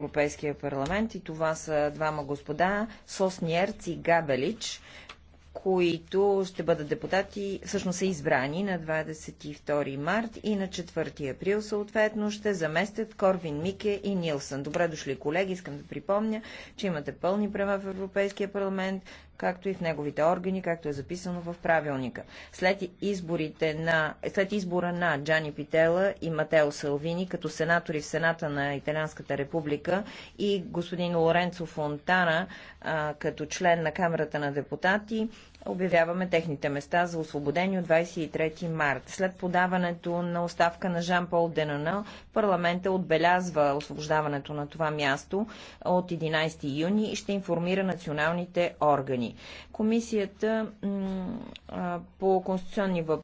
Европейския парламент и това са двама господа Соснерц и Габелич, които ще бъдат депутати, всъщност са избрани на 22 март и на 4 април съответно ще заместят Корвин Мике и Нилсън. Добре дошли, колеги, искам да припомня, че имате пълни права в Европейския парламент, както и в неговите органи, както е записано в правилника. След, изборите на, след избора на Джани Питела и Матео Салвини като сенатори в Сената на Италианската република и господин Лоренцо Фонтана а, като член на Камерата на депутати, обявяваме техните места за освободени от 23 март. След подаването на оставка на Жан-Пол Денана, парламента отбелязва освобождаването на това място от 11 юни и ще информира националните органи. Комисията по конституционни въпроси